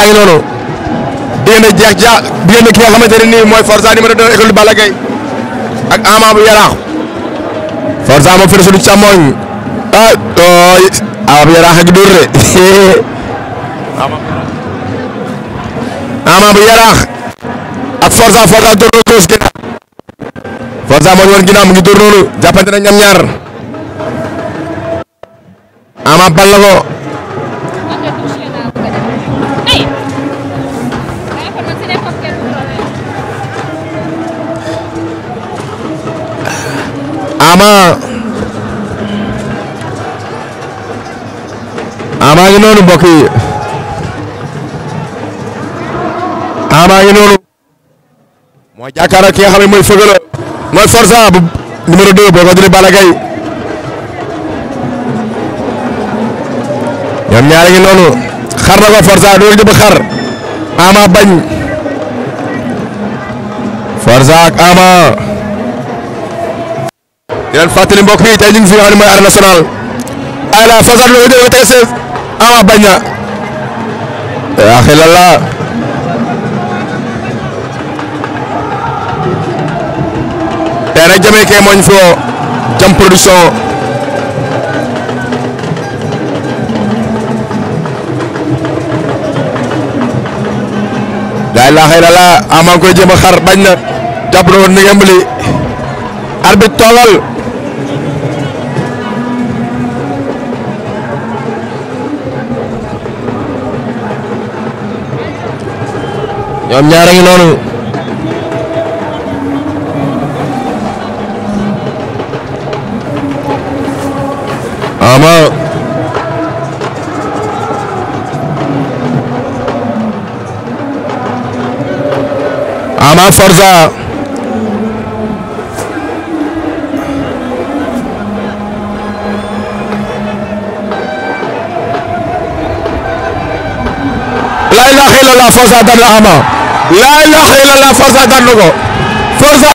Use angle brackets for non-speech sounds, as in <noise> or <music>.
baa ngi noonu diggante jeex ne nii mooy Forza numéro 2 école de Balla Gaye ak Ama bu Yaraax Forza moom fi na suñu ah, bu Yaraax ak Dóor de <laughs> Ama bu Yaraax ak Forza Forza Dóor na gauche moo ñu woon ginnaaw mu ngi Dóor noonu jàppante na ñoom ñaar Ama bal ama ama ngi noonu mbokk yi ngi noonu mooy jàkkaarloo ki nga xam ne mooy Feugeuleu mooy Forza bu numéro 2 boo ko jëlee Balla Gaye ñoom ñaari ngi noonu xar na ko Forza doo jëpp xar ama bañ Forza ak leen fàttali mbokk yi tey ñu ngi fi nga xam ne mooy arène nationale ala Fassane loolu jël tey sees ama bañ na yaa xelal la tey nag jamee kee jam production daay laa xelal la ama koy jéem a xar bañ na jàpp ni ngeen bëri arbitre tollal ñoom ñaar a ngi noonu. ama ama Forza la ilaha illallah Forza daan na ama laa ilaha illallah force a garnu ko force